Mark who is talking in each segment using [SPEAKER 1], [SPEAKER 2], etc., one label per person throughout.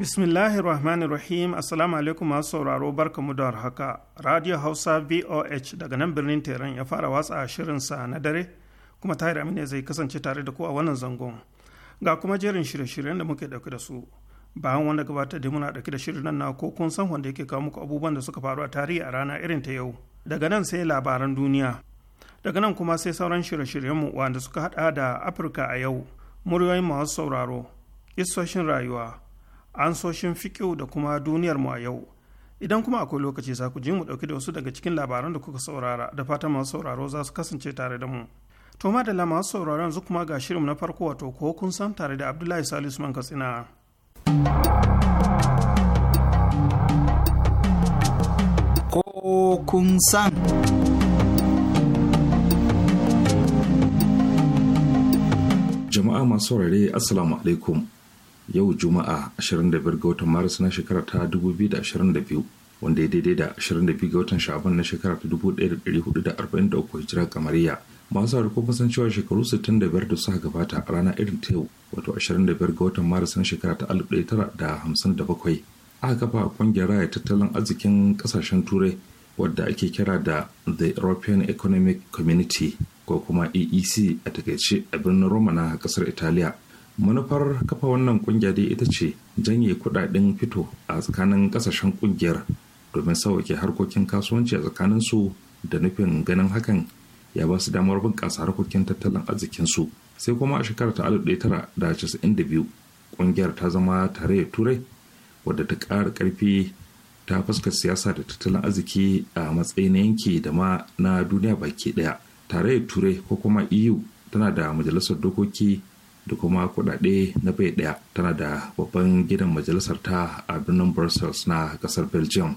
[SPEAKER 1] bismillahir rahmanir rahim assalamu alaikum masu sauraro mu da haka radio hausa voh daga nan birnin teran ya fara watsa shirinsa na dare kuma tahir amina zai kasance tare da ku a wannan zangon ga kuma jerin shirye-shiryen da muke dauke da su bayan wanda gabatar da muna dauke da shirin nan na ko kun san wanda yake kawo muku abubuwan da suka faru a tarihi a rana irin ta yau daga nan sai labaran duniya daga nan kuma sai sauran shirye-shiryenmu wanda suka hada da afirka a yau muryoyin masu sauraro isoshin rayuwa ansoshin fiƙo da kuma duniyar mu a yau idan kuma akwai lokaci za ku ji mu dauki da wasu daga cikin labaran da kuka saurara da fatan masu sauraro za su kasance tare da mu to ma da masu sauraro yanzu kuma ga shirin na farko wato ko kun san tare da abdullahi salisu man katsina
[SPEAKER 2] ko kun san jama'a masu saurare assalamu alaikum yau juma'a 25 ga watan maris na shekara ta 2022 wanda ya daidai da 22 ga watan sha'aban na shekara ta 1443 hijira kamariya masu harkar kusan cewa shekaru 65 da suka gabata a rana irin ta yau wato 25 ga watan maris na shekara ta 1957 aka kafa kungiyar raya tattalin arzikin kasashen turai wadda ake kira da the european economic community ko kuma eec a takaice a birnin roma na kasar italiya manufar kafa wannan kungiya dai ita ce janye kudaden fito a tsakanin kasashen kungiyar domin sauke harkokin kasuwanci a tsakanin su da nufin ganin hakan ya ba su damar bunƙasa harkokin tattalin arzikin su sai kuma a shekarar ta alif tara da da casa'in biyu kungiyar ta zama tare da turai wadda ta ƙara ƙarfi ta fuskar siyasa da tattalin arziki a matsayin yanki da ma na duniya baki ɗaya tare da turai ko kuma eu tana da majalisar dokoki da kuma kudade na bai daya tana da babban gidan majalisar ta a birnin brussels na kasar belgium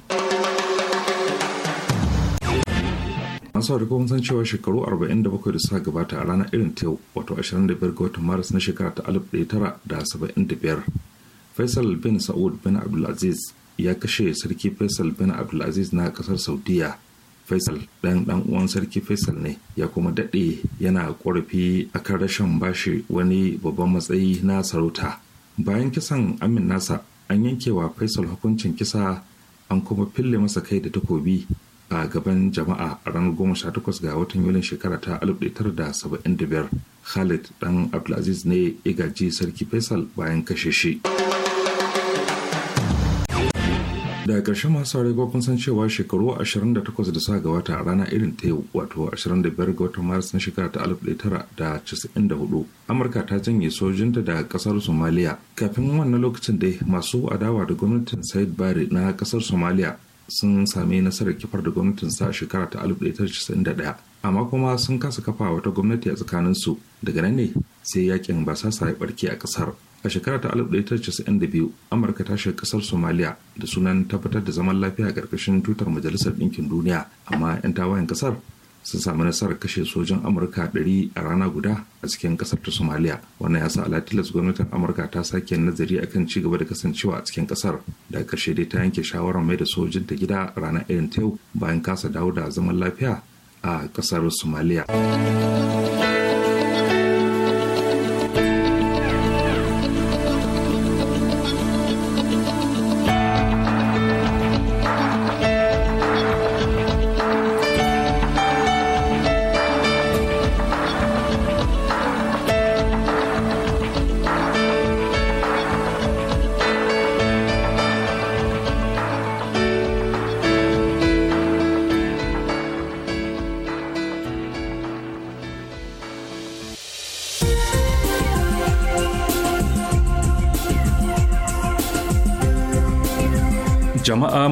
[SPEAKER 2] masu da kuma cewa shekaru 47 da suka gabata a ranar irin ta yau wato 25 ga watan maris na shekara ta 1975 faisal bin sa'ud bin abdulaziz ya kashe sarki faisal bin abdulaziz na kasar saudiya faisal ɗan ɗan uwan sarki faisal ne ya kuma daɗe yana ƙorafi akan rashin bashi wani babban matsayi na sarauta bayan kisan amin nasa an yankewa faisal hukuncin kisa an kuma fille masa kai da takobi a gaban jama'a a ranar goma sha takwas ga watan yulin shekara ta alif da saba'in da biyar khalid dan abdulaziz ne ya gaji sarki faisal bayan kashe shi. da ƙarshen masu saurari ko kun san cewa shekaru 28 da suka gabata a rana irin ta yi wato 25 ga watan maris na shekara ta 1994 amurka ta janye sojinta da ƙasar somaliya kafin wannan lokacin dai masu adawa da gwamnatin said bari na ƙasar somaliya sun sami nasarar kifar da gwamnatin sa shekara ta 1991 amma kuma sun kasa kafa wata gwamnati a tsakaninsu daga nan ne sai yakin sa ya barke a ƙasar a shekara ta 1992 amurka ta shiga kasar somaliya da sunan tabbatar da zaman lafiya a ƙarƙashin tutar majalisar ɗinkin duniya amma 'yan tawayen kasar sun samu nasarar kashe sojin amurka 100 a rana guda a cikin kasar ta somaliya wannan ya sa alatilas gwamnatin amurka ta sake nazari akan ci gaba da kasancewa a cikin kasar da karshe dai ta yanke shawarar mai da sojin ta gida ranar irin ta bayan kasa dawo da zaman lafiya a kasar somaliya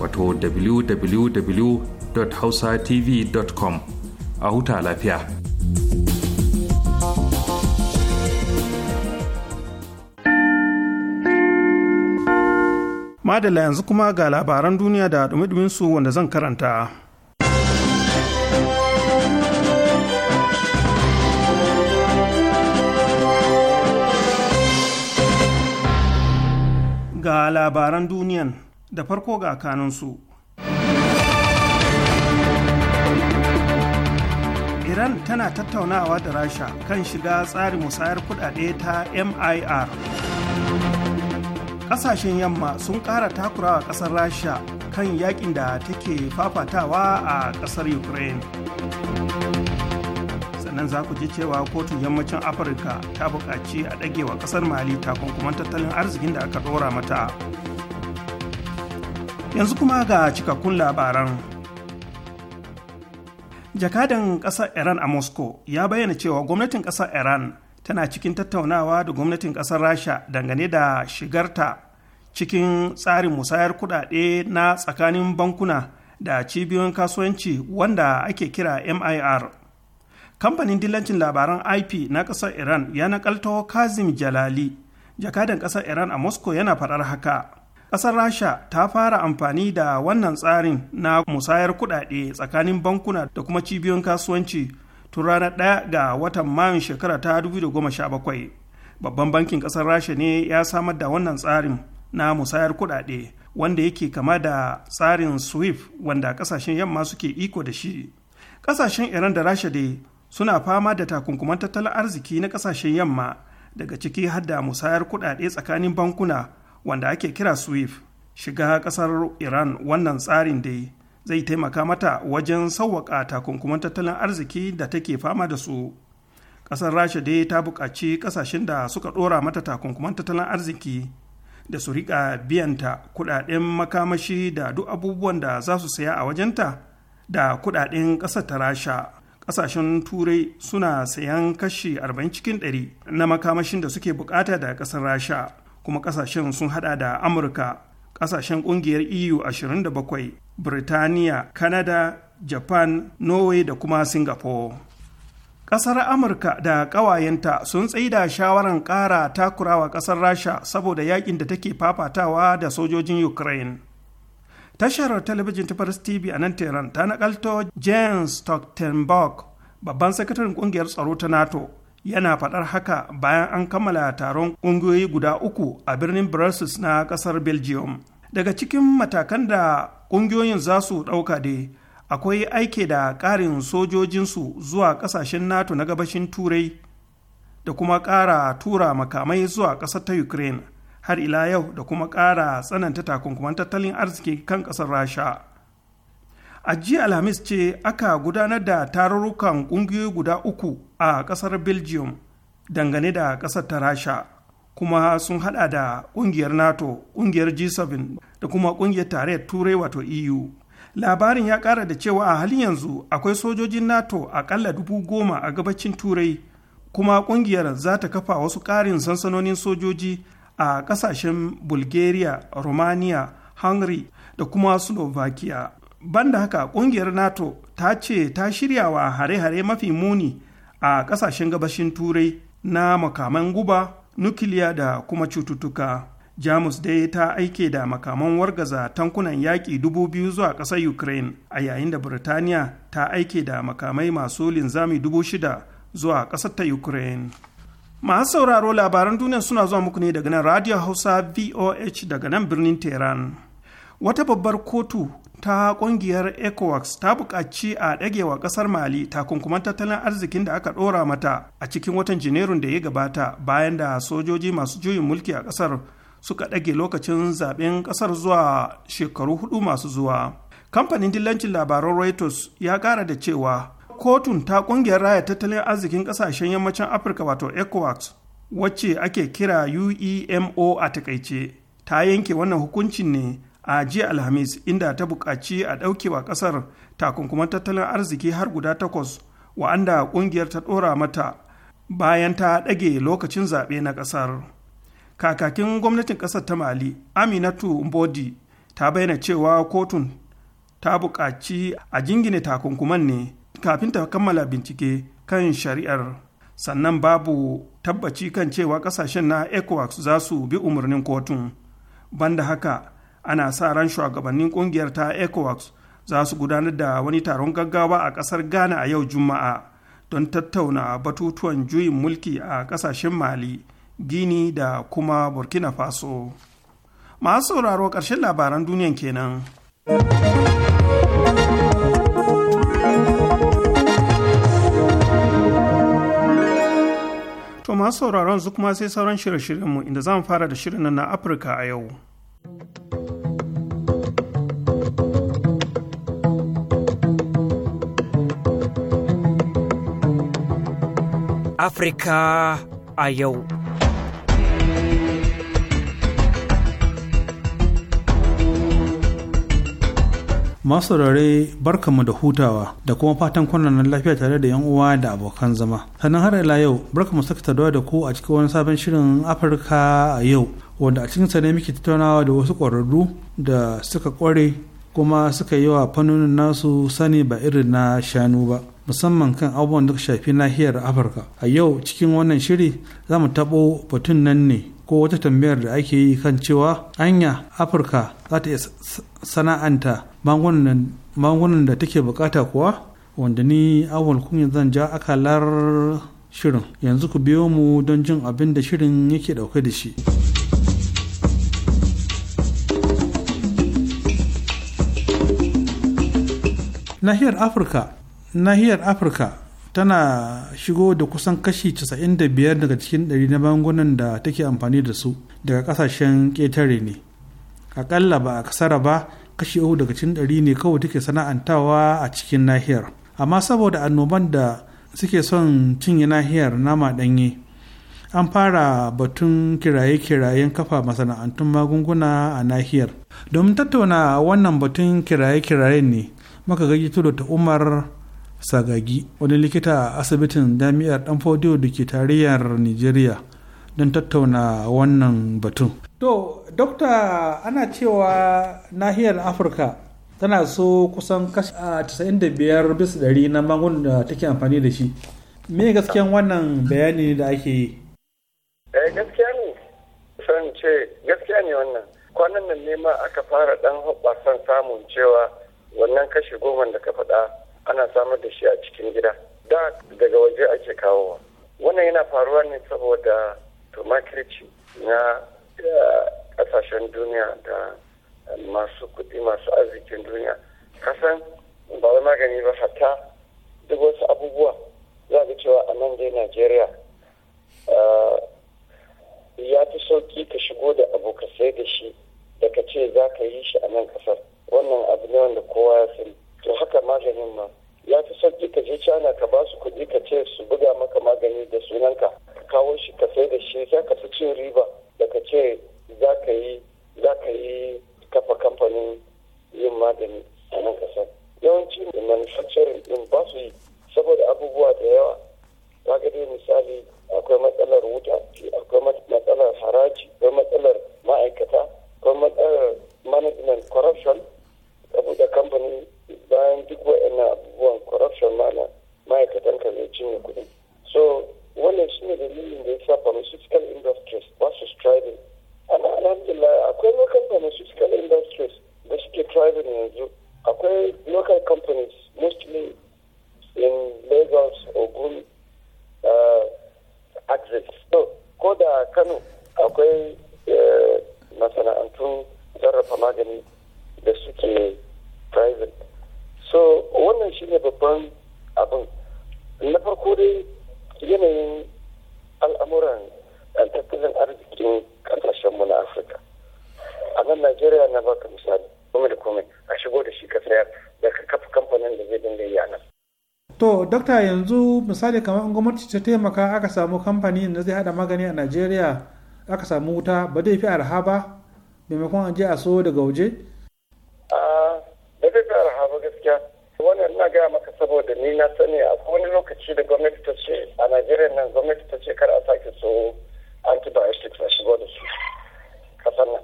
[SPEAKER 2] wato www.hausatv.com a huta lafiya.
[SPEAKER 1] Madalla yanzu kuma ga labaran duniya da dumi su wanda zan karanta. Ga labaran duniyan da farko ga kanunsu. Iran tana tattaunawa da Rasha kan shiga tsarin musayar kudade ta MIR. Ƙasashen yamma sun ƙara takurawa ƙasar Rasha kan yakin da take fafatawa a ƙasar Ukraine. sannan za ku ji cewa kotun yammacin afirka ta buƙaci a ɗagewa ƙasar mali takunkuman tattalin arzikin da aka ɗora mata yanzu kuma ga cikakkun labaran jakadan ƙasar iran a moscow ya bayyana cewa gwamnatin ƙasar iran tana cikin tattaunawa da gwamnatin ƙasar rasha dangane da shigarta cikin tsarin musayar kuɗaɗe na tsakanin bankuna da cibiyoyin kasuwanci wanda ake kira mir kamfanin dillancin labaran ip na ƙasar iran ya nakalto kazim jalali jakadan ƙasar iran a moscow yana faɗar haka ƙasar rasha ta fara amfani da wannan tsarin na musayar kuɗaɗe tsakanin bankuna da kuma cibiyoyin kasuwanci tun ranar ɗaya ga watan mayun shekara ta 2017 babban bankin ƙasar rasha ne ya samar da wannan tsarin na musayar kuɗaɗe wanda yake kama da tsarin swift wanda ƙasashen yamma suke iko da shi ƙasashen iran da rasha dai suna fama da takunkuman tattalin arziki na ƙasashen yamma daga ciki har da musayar kuɗaɗe tsakanin bankuna wanda ake kira swift shiga kasar iran wannan tsarin dai zai taimaka mata wajen sauwaƙa takunkuman tattalin arziki da take fama da su ƙasar rasha dai ta buƙaci ƙasashen da suka ɗora mata takunkuman tattalin arziki da su riƙa biyanta kuɗaɗen makamashi da duk abubuwan da za su saya a wajenta da kuɗaɗen ƙasar ta rasha ƙasashen turai suna sayan kashi 40 cikin 100 na makamashin da suke buƙata da ƙasar rasha kuma kasashen sun hada da amurka kasashen kungiyar eu 27 birtaniya Kanada, japan norway da kuma singapore kasar amurka da kawayenta sun tsaida shawaran kara takurawa kasar rasha saboda yakin da take fafatawa da sojojin ukraine tashar talabijin ta paris tv a nan tehran ta nakalto james stoltenberg babban sakataren kungiyar tsaro ta nato yana faɗar haka bayan an kammala taron ƙungiyoyi guda uku a birnin brussels na ƙasar belgium daga cikin matakan da ƙungiyoyin za su ɗauka dai akwai aike da ƙarin sojojinsu zuwa ƙasashen nato na gabashin turai da kuma ƙara tura makamai zuwa ƙasar ta ukraine har ila yau da kuma ƙara tsananta takunkuman tattalin arziki kan ƙasar rasha a jiya alhamis ce aka gudanar da tarurrukan ƙungiyoyi guda uku a ƙasar belgium dangane da ƙasar ta rasha kuma sun hada da ƙungiyar nato ƙungiyar g7 da kuma ƙungiyar tarayyar turai wato eu labarin ya ƙara da cewa a halin yanzu akwai sojojin nato aƙalla dubu goma a gabacin turai kuma ƙungiyar za ta kafa wasu ƙarin sansanonin sojoji a ƙasashen bulgaria romania hungary da kuma slovakia banda haka kungiyar nato ta ce ta shirya wa hare-hare mafi muni a kasashen gabashin turai na makaman guba nukiliya da kuma cututtuka jamus dai ta aike da makaman wargaza tankunan yaƙi dubu biyu zuwa ƙasar ukraine a yayin da birtaniya ta aike da makamai masu linzami dubu shida zuwa ƙasar ta ukraine masu sauraro labaran duniya suna zuwa muku ne daga nan radio hausa voh daga nan birnin tehran wata babbar kotu ta kungiyar ecowax ta buƙaci a ɗagewa ƙasar mali takunkuman tattalin arzikin da aka ɗora mata a cikin watan janairun da ya gabata bayan da sojoji masu juyin mulki a ƙasar suka ɗage lokacin zaɓen ƙasar zuwa shekaru hudu masu zuwa kamfanin dillancin labaran reuters ya ƙara da cewa kotun ta ƙungiyar raya tattalin arzikin ƙasashen yammacin afirka wato ecowax wacce ake kira uemo a takaice ta yanke wannan hukuncin ne a jiya alhamis inda ta buƙaci a ɗaukewa ƙasar takunkuman tattalin arziki har guda takwas wa'anda ƙungiyar ta ɗora mata bayan ta ɗage lokacin zaɓe na ƙasar kakakin gwamnatin ƙasar ta mali aminatu mbodi ta bayyana cewa kotun ta buƙaci a jingine takunkuman ne kafin ta kammala bincike kan shari'ar sannan babu tabbaci kan cewa ƙasashen na ecowas za su bi umarnin kotun banda haka ana sa ran shugabannin kungiyar ta ecowas za su gudanar da wani taron gaggawa a kasar ghana a yau juma'a don tattauna batutuwan juyin mulki a kasashen mali gini da kuma burkina faso masu sauraro karshen labaran duniyan kenan. To masu sauraron su kuma sai sauran shirye-shiryenmu inda zan fara da shirin na Afirka a yau.
[SPEAKER 3] Afirka a yau.
[SPEAKER 4] Masu rare barkamu da hutawa da kuma fatan kwanan lafiya tare da 'yan uwa da abokan zama. Sannan har ila yau barkamu saka taduwa da ku a cikin wani sabon shirin Afirka a yau wanda a cikin ne muke tattaunawa da wasu ƙwararru da suka ƙware kuma suka yi wa fannonin nasu sani ba irin na shanu ba. musamman kan abubuwan da shafi nahiyar afirka a yau cikin wannan shiri za mu taɓo batun nan ne ko wata tambayar da ake yi kan cewa anya afirka za ta iya sana'anta magungunan da take bukata kuwa wanda ni awal kunya zan ja akalar shirin yanzu ku biyo mu don jin abin da shirin yake dauke da shi nahiyar afirka nahiyar afirka tana shigo da kusan kashi 95 daga cikin 100 na magungunan da take amfani da su daga kasashen ƙetare ne akalla ba a kasara ba kashi uku daga cikin 100 ne kawai take sana'antawa a cikin nahiyar amma saboda annoban da suke son cinye nahiyar nama ɗanye an fara batun kiraye-kirayen kafa masana'antun magunguna a nahiyar domin tattauna wannan batun kiraye-kirayen ne maka gaji da ta umar sagagi wani likita a asibitin jami'ar dan fodiyo da ke tarayyar nigeria don tattauna wannan batun to dokta ana cewa nahiyar afirka tana so kusan kashi 95 bisa ɗari na magun da take amfani da shi me gaskiyan wannan bayani da ake yi
[SPEAKER 5] eh, gaskiya ne san ce gaskiya ne wannan kwanan nan ne ma aka fara dan hoɓasan samun cewa wannan kashi goma da ka faɗa ana samar da shi a cikin gida da daga waje ake kawowa wannan yana faruwa ne saboda tumakirci na kasashen eh, duniya da masu kuɗi masu arzikin duniya kasan ba wai magani ba hatta duk wasu abubuwa za ga cewa a nan dai najeriya eh, ya fi sauki ka shigo da abu ka sai da shi da ka ce za ka yi shi a nan kasar wannan abu ne wanda kowa ya sani to haka maganin ma ya fi sauki ka je cana ka ba su kuɗi ka ce su buga maka magani da sunanka ka kawo shi ka sai da shi za ka fi cin riba da ka ce za ka yi za ka yi kafa kamfanin yin magani a nan kasar yawanci manufacturing din ba su yi saboda abubuwa da yawa ta dai misali akwai matsalar wuta akwai matsalar haraji akwai matsalar ma'aikata akwai matsalar management corruption ka buɗe kamfanin bayan duk wa'ina abubuwan corruption mana ma'aikatan ka zai cinye kuɗi so wannan shine dalilin da ya sa pharmaceutical industries ba su striving amma alhamdulillah akwai local pharmaceutical industries da suke striving yanzu akwai local companies mostly in lagos ogun uh, access so ko da kano akwai eh, masana'antun sarrafa magani da suke private so wannan shi ne babban abin na farko dai yanayin al'amuran eh, tattalin arzikin kasashenmu na afirka a nan najeriya na baka misali kome da kome a shigo da shi ka saya da ka kafa kamfanin da zai dinga yi a nan
[SPEAKER 4] to dokta yanzu misali kamar an gwamnati ta taimaka aka samu kamfani da zai hada magani a najeriya aka samu wuta ba zai fi arha ba maimakon an je a so daga waje
[SPEAKER 5] wannan na gaya maka saboda ni na sani a wani lokaci da gwamnati ta ce a najeriya nan gwamnati ta ce kar a sake so antibiotics a shigo da su kasar nan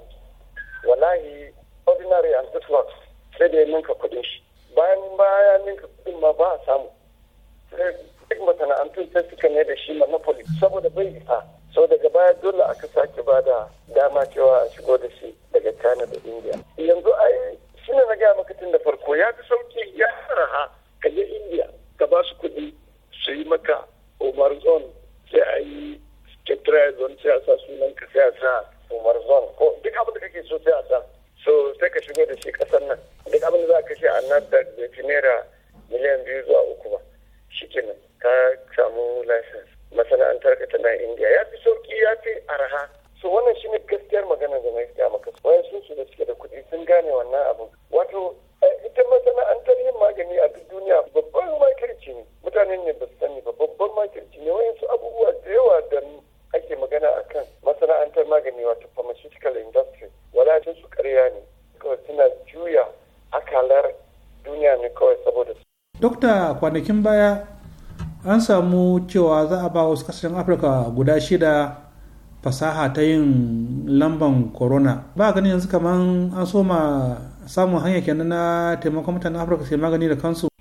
[SPEAKER 5] wallahi ordinary antibiotics sai da ya ninka kudin shi bayan baya ninka kudin ma ba a samu duk masana'antun sai suka ne da shi monopoly saboda bai isa sau daga baya dole aka sake ba da dama cewa a shigo da shi daga china da india yanzu ai suna na gaya maka tun da farko ya fi sauki ya raha ka je india ka ba su kuɗi su yi maka umar zone sai a yi ketra zone sai a sa sunan ka sai a sa umar zone ko duk abin da kake so sai a sa so sai ka shigo da shi kasar nan duk abin da za ka shi a nan da naira miliyan biyu zuwa uku ba shi kenan ka samu license masana'antar ka ta na india ya fi sauki ya fi araha so wannan shine gaskiyar magana da na gaya maka sun su da suke da kuɗi sun gane wannan abu wato eh, ita masana'antar yin magani a duk duniya babban makirci ne mutanen ne ba su sani ba babban makirci ne su abubuwa da yawa da ake magana a kan masana'antar magani wato pharmaceutical industry wala su karya ne kawai suna juya akalar duniya ne kawai saboda
[SPEAKER 4] su. Dokta kwanakin baya an samu cewa za a ba wasu kasashen Afirka guda shida fasaha ta yin lamban corona ba gani yanzu kamar an soma samun hanya kenan na taimakon mutanen afirka sai magani da kansu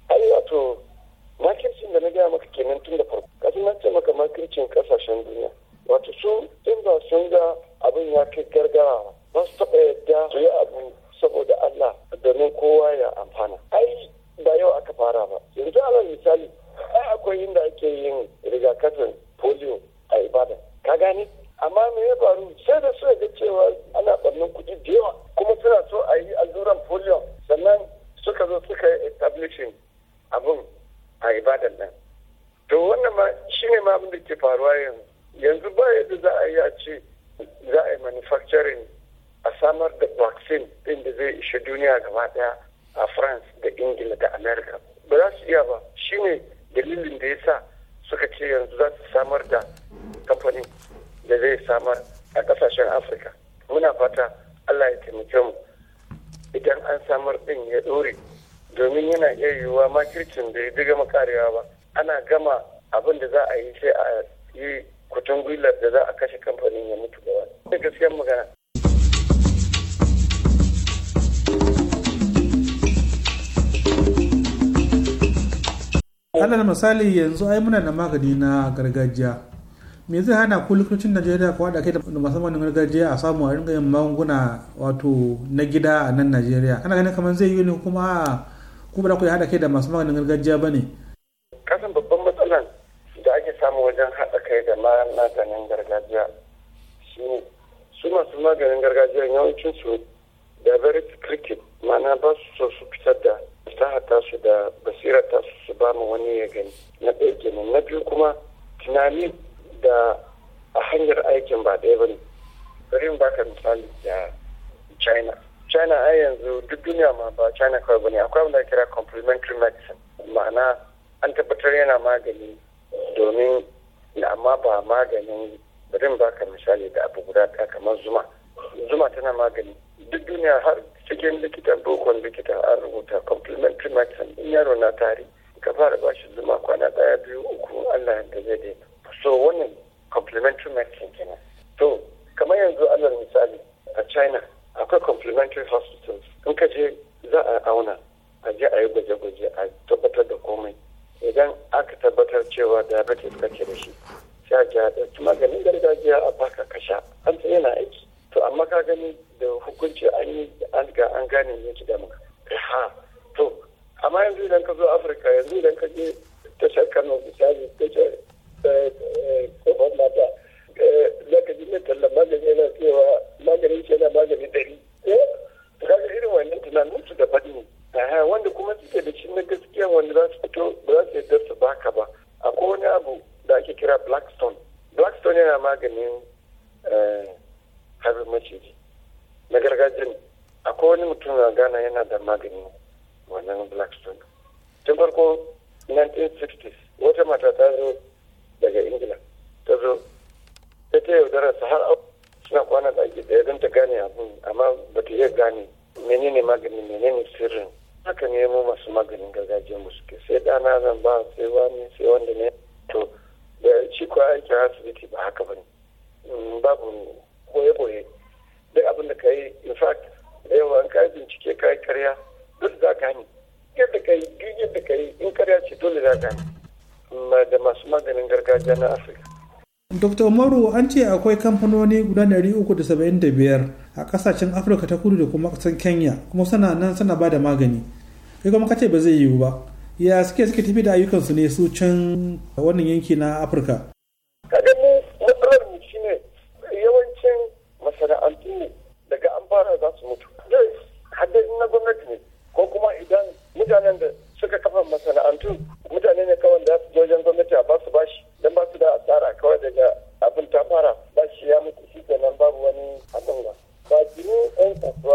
[SPEAKER 5] manufacturing a samar da vaccine din da zai ishe duniya gaba daya a france da ingila da america ba za su iya ba ne dalilin da ya sa suka ce yanzu za su samar da kamfanin da zai samar a kasashen afirka muna fata allah ya taimake mu idan an samar din ya dore domin yana iya yiwuwa makircin da ya bi gama ba ana gama abin da za a yi sai a yi kutun gwilar da za a kashe kamfanin ya mutu gaba da gaskiyar magana
[SPEAKER 4] alal misali yanzu ai muna da magani na gargajiya me zai hana ku likitocin najeriya ku haɗa kai da masu maganin gargajiya a samu a ringa yin magunguna wato na gida a nan najeriya ana ganin kamar zai yi ne kuma ku ba ku haɗa kai da masu maganin gargajiya ba ne
[SPEAKER 5] samu wajen haɗa kai da maganin gargajiya ne su masu maganin gargajiya yawancin su da very cricket mana ba su so su fitar da fasahata su da basira ta su su ba mu wani ya gani na ɗaya kenan na biyu kuma tunani da a hanyar aikin ba ɗaya ba ne bari in baka misali da china china ai yanzu duk duniya ma ba china kawai ba ne akwai wanda kira complementary medicine ma'ana an tabbatar yana magani domin amma ba maganin ba baka misali da abu guda ta kamar zuma zuma tana magani duk duniya har cikin likitan bukon likita an rubuta complementary medicine in yaro na tari ka fara ba shi zuma kwana daya biyu uku allah da zai daina so wannan complementary medicine kenan to kamar yanzu allah misali a china akwai complementary hospitals in ka je za a auna a je a yi gwaje-gwaje a tabbatar da komai cewa diabetes kake da shi sai a ja ɗauki maganin gargajiya a baka kasha an sai yana aiki to amma ka gani da hukunci an yi an ga an gane ne ki damu ha to amma yanzu idan ka zo afirka yanzu idan ka je tashar kano misali tashar eh, eh, kofar mata eh, za ka ji mai tallan magani yana cewa maganin ce yana magani ɗari to ga irin wannan tunanin su da faɗi ne wanda kuma suke da shi na gaskiya wanda za su fito ba za su yarda su baka ba akwai wani abu da ake kira blackstone blackstone yana maganin harin eh, maciji na gargajiya akwai wani mutum a ghana yana da maganin wannan blackstone tun farko 1960s wata mata ta zo daga ingila ta zo ta ta yaudara su har suna kwana da ake daya don ta gane abu amma ba ta iya gane menene maganin menene sirrin haka nemo masu maganin gargajiya mu suke sai dana zan ba sai wani sai wanda ne to da shi ko aikin asibiti ba haka ba ne mm, babu boye-boye duk abin da ka yi in fact da yawa an kai bincike ka yi karya za ka hani yadda ka yi duk yadda ka yi in karya ce dole za ka hani da masu maganin gargajiya na afirka
[SPEAKER 4] dr Umaru an ce akwai kamfanoni guda 375 a kasashen afirka ta kudu da kuma kasar kenya kuma suna nan suna ba da magani kai kuma kace ba zai yiwu ba ya suke suke tafi da ayyukansu ne su can wannan yanki na afirka
[SPEAKER 5] kaga mu matsalar mu shine yawancin masana'antu ne daga an za su mutu in na gwamnati ne ko kuma idan mutanen da suka kafa masana'antu mutane ne kawai da su wajen gwamnati a ba su bashi don ba su da asara kawai daga abin ta fara ba shi ya mutu shi kenan babu wani abin ba ba jini yan kasuwa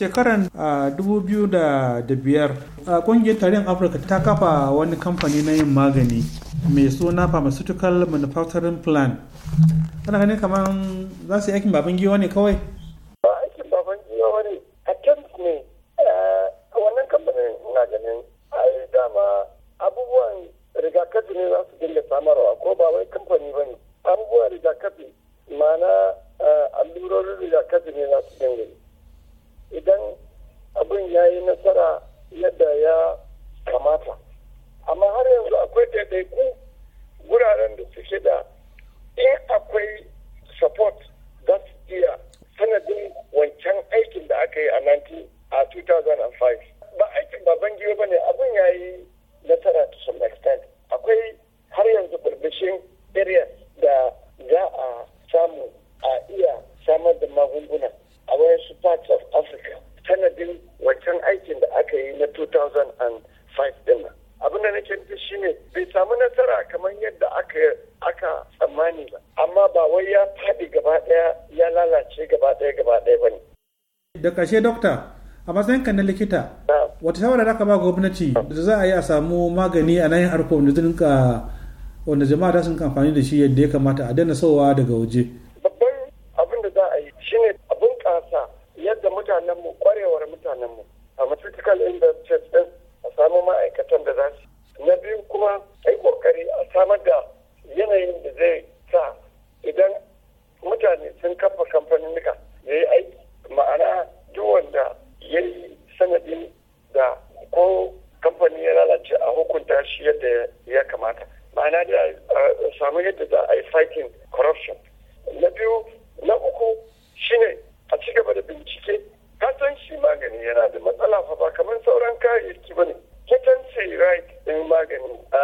[SPEAKER 4] shekaran 2005 a kungiyar tarihin afirka ta kafa wani kamfani na yin magani mai suna pharmaceutical manufacturing plan ana ganin kamar za su yi aikin baban giwa ne kawai
[SPEAKER 5] shine bai samu nasara kamar yadda aka aka tsammani ba amma ba wai ya faɗi gaba ɗaya ya lalace gaba ɗaya gaba ɗaya ba ne.
[SPEAKER 4] da ƙarshe dokta a matsayin ka na likita wata shawara da aka ba gwamnati da za a yi a samu magani a nan harko wanda wanda jama'a da sun amfani da shi yadda ya kamata a daina sowa daga waje. babban
[SPEAKER 5] abin da za a yi shine abin ƙasa yadda mutanenmu kwarewar mutanenmu a masu medical a samu ma'aikata biyu kuma a yi kokari a samar da yanayin da zai sa idan mutane sun kafa kamfanin nika ya yi aiki ma'ana duk wanda ya yi sanadin da ko kamfanin ya lalace a hukunta shi yadda ya kamata ma'ana da samu yadda za a yi fighting corruption na biyu na uku shine a ci gaba da bincike kasan shi magani yana da matsala fa ba kamar sauran kayayyaki ba ne hesitancy right in magani a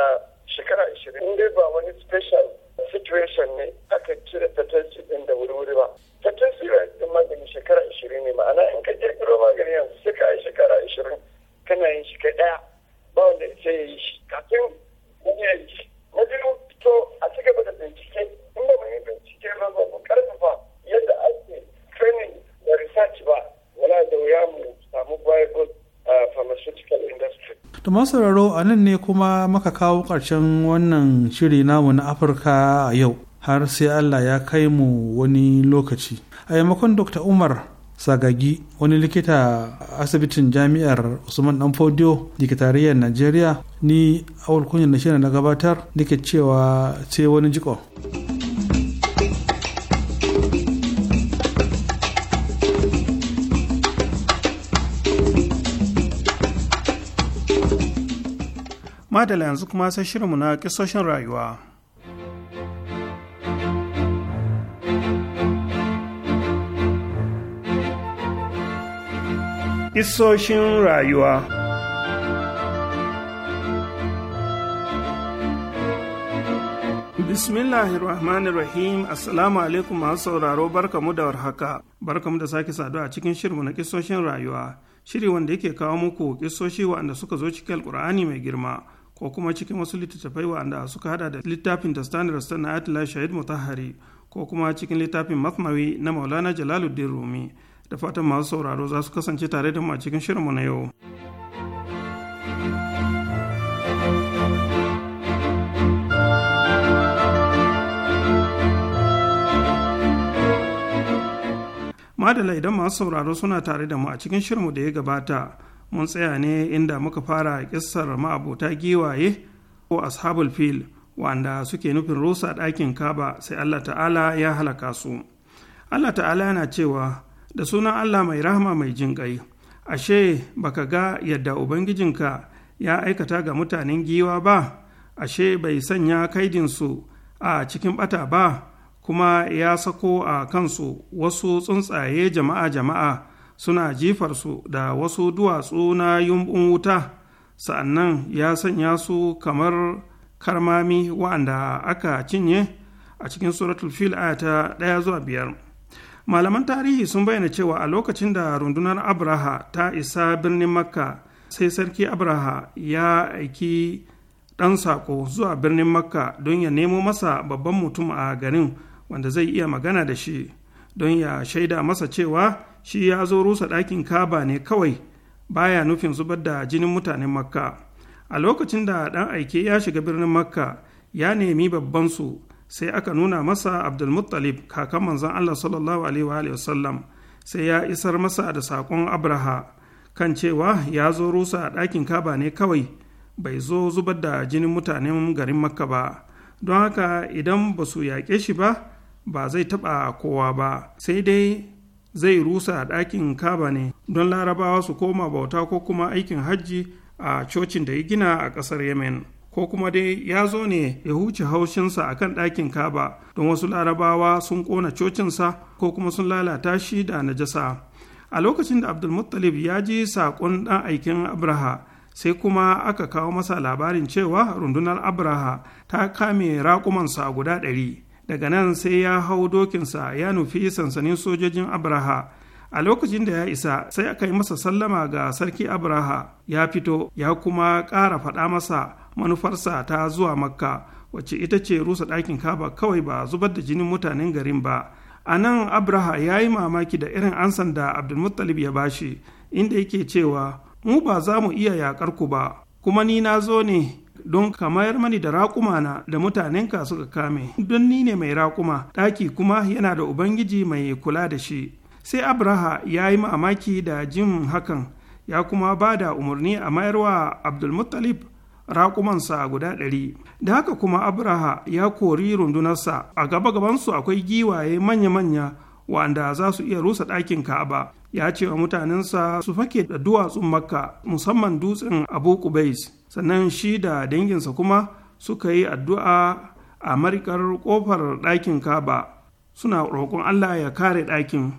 [SPEAKER 5] shekara 20 dai ba wani special situation ne aka cire hesitancy ɗin da wuri-wuri ba. Hesitancy right din magani shekara 20 ne ma'ana in ka kirkiro magani yanzu sai ka yi shekara 20 kana yin shi ka ɗaya ba wanda ya yi shi kafin wani ya yi shi. Na biyu to a ci gaba da bincike in ba mu yi bincike ba ba mu karfafa yadda ake training da research ba wala da wuya mu samu bible pharmaceutical
[SPEAKER 4] industry. a nan ne kuma maka kawo ƙarshen wannan shiri namu na Afirka a yau har sai Allah ya kai mu wani lokaci. A yamakon Dr. Umar Sagagi wani likita a asibitin jami'ar Usman Dan Fodio Dikitariyar Najeriya ni awal kunyar na shirin na gabatar cewa ce wani jiko.
[SPEAKER 1] madala yanzu kuma sai shirinmu na kisoshin rayuwa Kisoshin rayuwa Bismillahir Rahmanir Rahim Assalamu alaikum masu sauraro barkamu da warhaka barkamu da sake sadu a cikin shirinmu na kisoshin rayuwa shiri wanda yake kawo muku kisoshi waɗanda suka zo cikin alkur'ani mai girma ko kuma cikin wasu littattafai wa'anda suka hada da littafin da rastan na atila shahid mutahari ko kuma cikin littafin masnawi na maulana jalaluddin rumi da fatan masu sauraro za su kasance tare da mu a cikin shirinmu na yau. Madala idan masu sauraro suna tare da mu a cikin shirinmu da ya gabata mun tsaya ne inda muka fara kissar ma'abota giwaye ko ashabul fil wanda suke nufin rusa ɗakin kaba sai allah ta'ala ya halaka su allah ta'ala yana cewa da sunan allah mai rahama mai jin ƙai ashe baka ga yadda ubangijinka ya aikata ga mutanen giwa ba ashe bai sanya kaidinsu a cikin bata ba kuma ya sako a kansu wasu tsuntsaye jama'a jama'a suna jifarsu da wasu duwatsu na yumbun wuta sa'annan ya sanya su kamar karmami wa'anda aka cinye a cikin suratul fil ta ɗaya zuwa biyar malaman tarihi sun bayyana cewa a lokacin da rundunar abraha ta isa birnin makka sai sarki abraha ya aiki ɗan saƙo zuwa birnin makka don ya nemo masa babban mutum a garin wanda zai iya magana da shi don ya shaida masa cewa shi ya zo rusa ɗakin kaba ne kawai baya nufin zubar da jinin mutanen makka a lokacin da ɗan aike ya shiga birnin makka ya nemi babban su sai aka nuna masa abdulmuttalib kakan manzon allah sallallahu alaihi wa Sallam sai ya isar masa da saƙon abraha kan cewa ya zo rusa ɗakin kaba ne kawai bai zo zubar da jinin mutanen garin makka ba don haka idan ba su yaƙe shi ba ba zai taɓa kowa ba sai dai zai rusa a ɗakin kaba ne don larabawa su koma bauta ko kuma aikin hajji a cocin da ya gina a ƙasar yemen ko kuma dai ya zo ne ya huce haushinsa a kan ɗakin kaba don wasu larabawa sun ƙona cocinsa ko kuma sun lalata shi da najasa a lokacin da abdulmuttalib ya ji saƙon ɗan aikin abraha sai kuma aka kawo masa labarin cewa rundunar abraha ta kame raƙumansa guda ɗari daga nan sai ya hau dokinsa ya nufi sansanin sojojin abraha a lokacin da ya isa sai aka yi masa sallama ga sarki abraha ya fito ya kuma ƙara faɗa masa manufarsa ta zuwa makka wacce ita ce rusa ɗakin kaba kawai ba zubar da jinin mutanen garin ba a nan abraha ya yi mamaki da irin ansan da abdulmuttalib ya bashi inda yake cewa mu ba za mu iya yaƙar ku ba kuma ni na zo ne don ka mayar mani da raƙumana da mutanenka suka kame don ni ne mai raƙuma ɗaki kuma yana da ubangiji mai kula da shi sai abraha ya yi mamaki da jin hakan ya kuma ba da umarni a mayar wa abdulmuttalib raƙumansa guda ɗari da haka kuma abraha ya kori rundunarsa a gaba gabansu akwai giwaye manya-manya wanda za su iya rusa ɗakin Ka'aba ya ce wa mutanensa su fake da duwatsun Makka musamman dutsen Abu Qubais sannan shi da danginsa kuma suka yi addu'a a marikar kofar ɗakin Ka'aba suna roƙon Allah ya kare ɗakin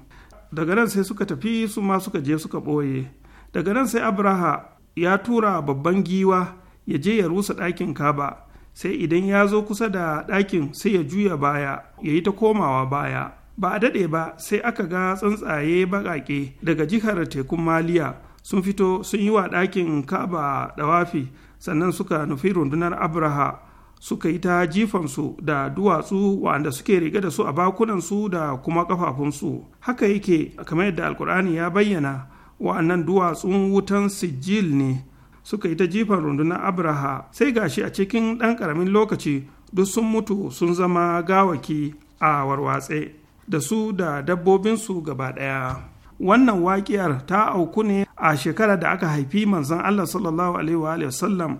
[SPEAKER 1] daga nan sai suka tafi su ma suka je suka ɓoye daga nan sai Abraha ya tura babban giwa ya je ya rusa ɗakin Ka'aba sai idan ya zo kusa da ɗakin sai ya juya baya ya yi ta komawa baya ba a daɗe ba sai aka ga tsuntsaye baƙaƙe daga jihar tekun maliya sun fito sun yi wa ɗakin kaba ɗawafi sannan suka nufi rundunar abraha suka yi ta jifansu da duwatsu waɗanda suke riga da su a bakunansu da kuma ƙafafunsu haka yake kamar yadda alkur'ani ya bayyana wa'annan duwatsun wutan sijil ne suka yi ta jifan rundunar abraha sai gashi a cikin ɗan ƙaramin lokaci duk sun mutu sun zama gawaki a warwatse da su da dabbobinsu gaba ɗaya wannan waƙiyar ta auku ne a shekara da aka haifi manzon allah sallallahu alaihi wasallam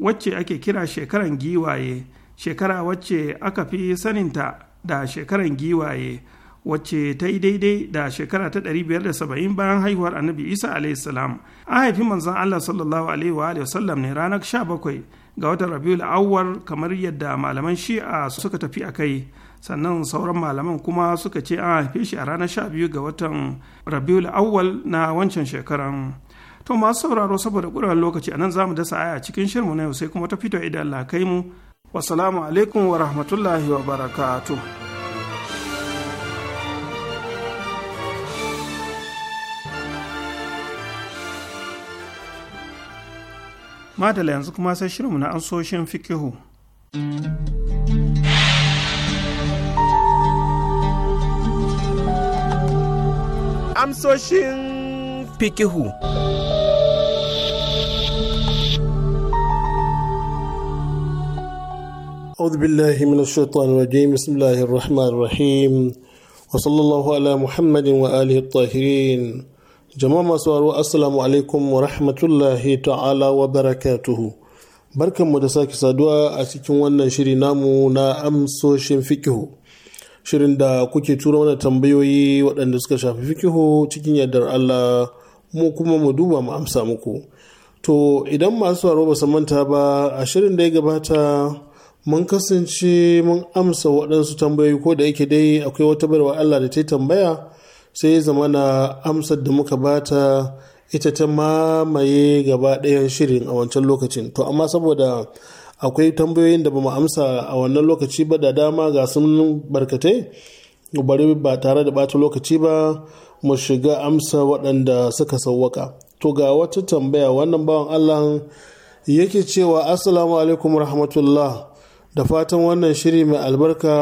[SPEAKER 1] wacce ake kira shekaran giwaye shekara wacce aka fi saninta da shekaran giwaye wacce ta yi daidai da shekara ta 570 bayan haihuwar annabi isa a.s. an haifi manzan allah sallallahu alaihi wasallam ne ranar 17 ga watan rabiul awwal kamar yadda malaman shi'a suka tafi a kai sannan sauran malaman kuma suka ce an haife shi a ranar sha 12 ga watan rabiul awwal na wancan shekaran to masu sauraro saboda ƙuran lokaci anan nan za mu dasa aya cikin shirmu na yau sai kuma ta fito idan Allah kai mu wasalamu alaikum wa rahmatullahi wa barakatu. madala yanzu kuma sai shirinmu na ansoshin fikihu
[SPEAKER 3] amsoshin fikihu.
[SPEAKER 6] أعوذ بالله من الشيطان الرجيم بسم الله الرحمن الرحيم وصلى الله على محمد وآله الطاهرين jama'a masu waro assalamu alaikum wa rahmatullahi ta'ala wa barakatuhu barkanmu da sake saduwa a cikin wannan shiri namu na amsoshin fikihu shirin da kuke tura mana tambayoyi waɗanda suka shafi fikihu cikin yardar Allah mu kuma mu duba mu amsa muku. To idan masu sauraro ba manta ba a shirin da ya gabata mun kasance mun amsa waɗansu tambayoyi ko da yake dai akwai wata barwa Allah da ta yi tambaya sai zama na amsar da muka bata ita ta mamaye gaba ɗayan shirin a wancan lokacin. To amma saboda akwai tambayoyin da ba mu amsa a wannan lokaci ba da dama ga sun barkatai bari ba tare da bata lokaci ba mu shiga amsa waɗanda suka sauwaka to ga wata tambaya wannan bawan allah yake cewa assalamu alaikum rahmatullah da fatan wannan shiri mai albarka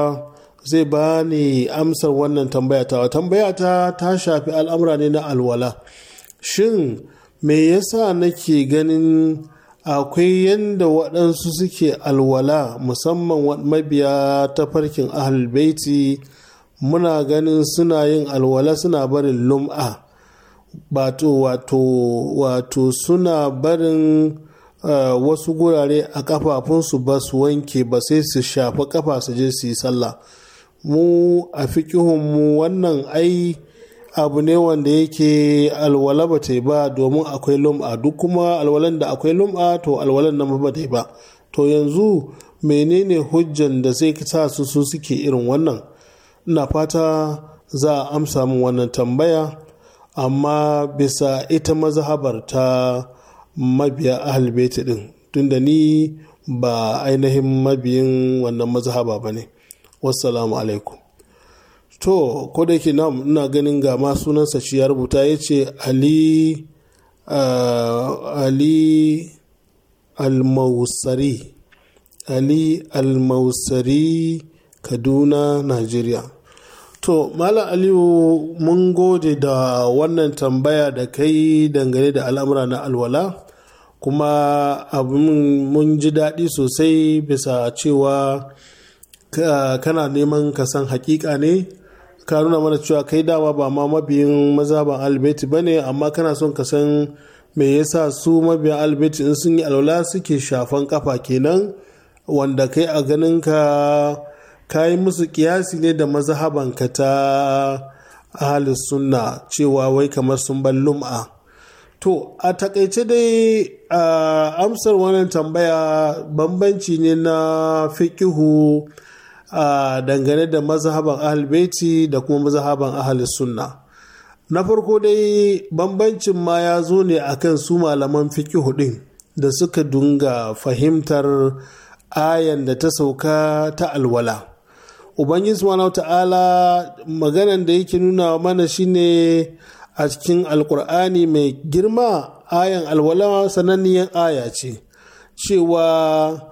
[SPEAKER 6] zai ba ni amsar wannan tambaya ta tambaya ta ta shafi al'amura ne na alwala shin me yasa nake ganin akwai yadda waɗansu suke alwala musamman mabiya ta farkin ahalbaiti muna ganin suna yin alwala suna barin lum'a wato wato suna barin uh, wasu gurare a kafafunsu ba su wanke ba sai su shafa kafa su je su yi sallah mu a mu wannan ai abu ne wanda yake alwala ba ta yi ba domin akwai lum'a duk kuma alwalan da akwai lum'a to alwalan nan ba ta yi ba to yanzu menene hujjan da sai sa su su suke irin wannan ina fata za a amsa min wannan tambaya amma bisa ita mazhabar ta mabiya ahal baiti din tunda ni ba ainihin mabiyin wannan mazhaba ba ne wassalamu alaikum to ko da yake ina ganin ga ma sunansa shi ya rubuta ya ce ali ah, ali almausari ali almausari kaduna nigeria to malam aliyu mun gode da wannan tambaya da kai dangane da al'amura na alwala kuma abin mun ji daɗi sosai bisa cewa kana neman ka san hakika ne ka nuna mana cewa kai dama ba ma mabiyin mazaban albeti ba ne amma kana son ka san me yasa su mabiyan albeti in sun yi alwala suke shafan kafa kenan wanda kai a ganin ka kayi musu kiyasi ne da ka ta ahalus sunna cewa wai kamar sun ban lum'a to a takaice dai amsar wannan tambaya bambanci ne na fikihu a dangane da mazhaban ahalbeti da kuma mazhaban ahal sunna na farko dai bambancin ma ya zo ne akan su malaman fikihu din da suka dunga fahimtar ayan da ta sauka ta alwala ubangiji subhanahu ta'ala maganan da yake nuna mana shine a cikin alkur'ani mai girma ayan alwala sananniyan aya ce cewa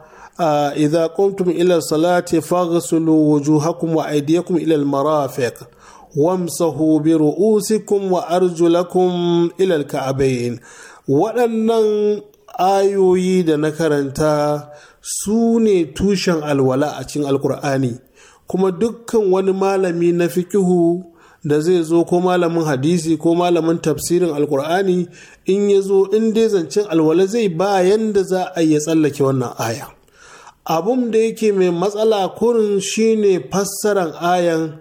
[SPEAKER 6] idza qumtum ila salati faghsulu wujuhakum wa aydiyakum ila al-marafiq wamsahu bi ru'usikum wa arjulakum ila al-ka'bayn waɗannan ayoyi da na karanta su ne tushen alwala a cikin alkur'ani kuma dukkan wani malami na fikihu da zai zo ko malamin hadisi ko malamin tafsirin alkur'ani in ya zo in dai zancen alwala zai ba yanda za a iya tsallake wannan aya abun da yake mai matsala kurin shine fassaran ayan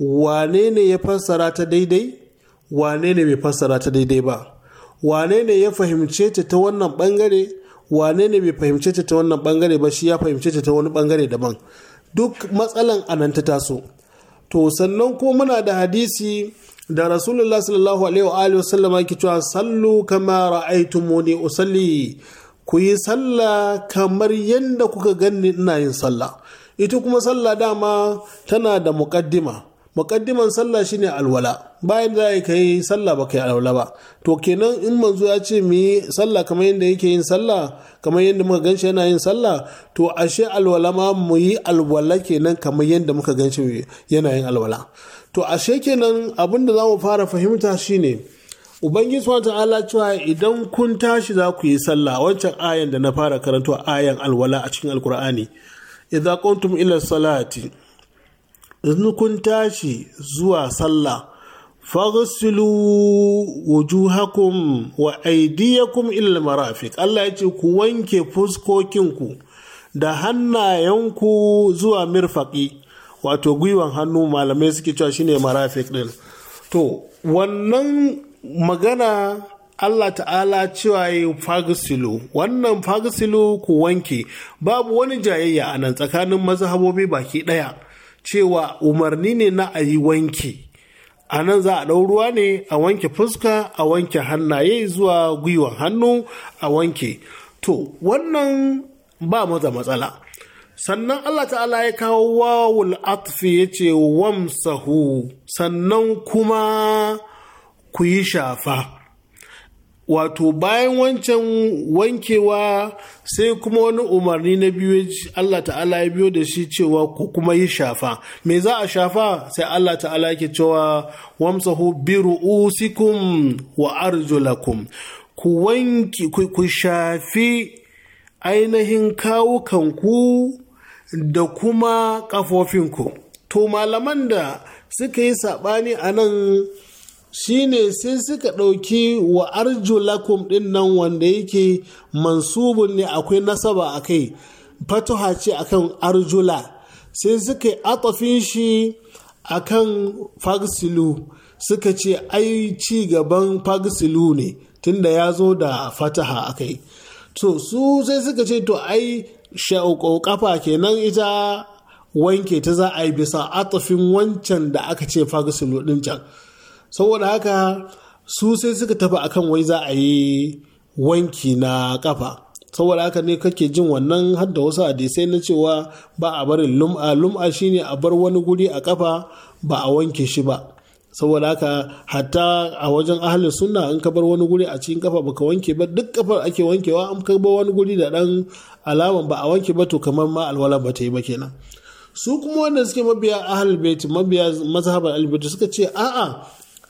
[SPEAKER 6] wane ne ya fassara ta daidai wane ne bai fassara ta daidai ba wane ne ya fahimce ta ta wannan bangare wane ne bai fahimce ta ta wannan bangare ba shi ya fahimce ta ta wani bangare daban duk matsalan anan ta taso to sannan ko muna da hadisi da rasulullah sallallahu alaihi wa alihi wasallama yake cewa sallu kama ra'aytumuni usalli ku yi sallah kamar yadda kuka ganni ina yin sallah ita kuma sallah dama tana da muƙaddima muƙaddiman sallah shine alwala bayan za ka yi sallah ba ka yi alwala ba to kenan in manzo ya ce mu yi sallah kamar yadda yake yin sallah kamar yadda muka ganshi yana yin sallah to ashe alwala ma mu yi alwala kenan kamar yadda muka ganshi yana yin alwala to ashe kenan abin da za mu fara fahimta shine Ubangiji subhanahu ta'ala cewa idan kun tashi za ku yi sallah wancan ayan da na fara karanto ayan alwala a cikin alkur'ani idza qumtum ila salati idan kun tashi zuwa sallah faghsilu wujuhakum wa aydiyakum ila marafiq Allah ya ce ku wanke fuskokinku da hannayenku zuwa mirfaqi wato gwiwan hannu malamai suke cewa shine marafiq din to wannan magana Allah ta'ala cewa yi fagisilu wannan fagisilu ku wanke babu wani jayayya a nan tsakanin mazhabobi baki ɗaya cewa umarni ne na a yi wanki a nan za a ɗau ruwa ne a wanke fuska a wanke hannaye zuwa gwiwan hannu a wanke to wannan ba maza matsala sannan Allah ta'ala ya kawo wawul atfi ya ce wamsahu sannan kuma ku yi shafa wato bayan wancan wankewa sai kuma wani umarni na biyu Allah ta'ala ya biyo da shi cewa ku kuma yi shafa me za a shafa sai Allah ta'ala ke cewa wamsahu bi ru'usikum wa arjulakum ku wanki ku shafi ainihin kawukanku da kuma kafofinku to malaman da suka yi saɓani a nan shine sai suka ɗauki wa arjulakum ɗin nan wanda yake mansubun ne akwai nasaba a kai fatuha ce akan arjula sai suka yi atafin shi akan fagsilu suka ce ai ci gaban fagsilu ne tunda ya zo da fataha a kai, to su sai suka ce to ai kafa kenan ita wanke ta za a yi bisa atafin wancan da aka ce fagsilu ɗin can saboda haka su sai suka tafi akan wai za a yi wanki na kafa saboda haka ne kake jin wannan hadda wasu hadisai na cewa ba a barin lum'a lum'a shine a bar wani guri a kafa ba a wanke shi ba saboda haka hatta a wajen ahalin sunna in ka bar wani guri a cikin kafa baka wanke ba duk kafar ake wankewa an ka bar wani guri da dan alaman ba a wanke ba to kamar ma alwala ba ta yi ba kenan su kuma wanda suke mabiya ahalul bait mabiya mazhabar albait suka ce a'a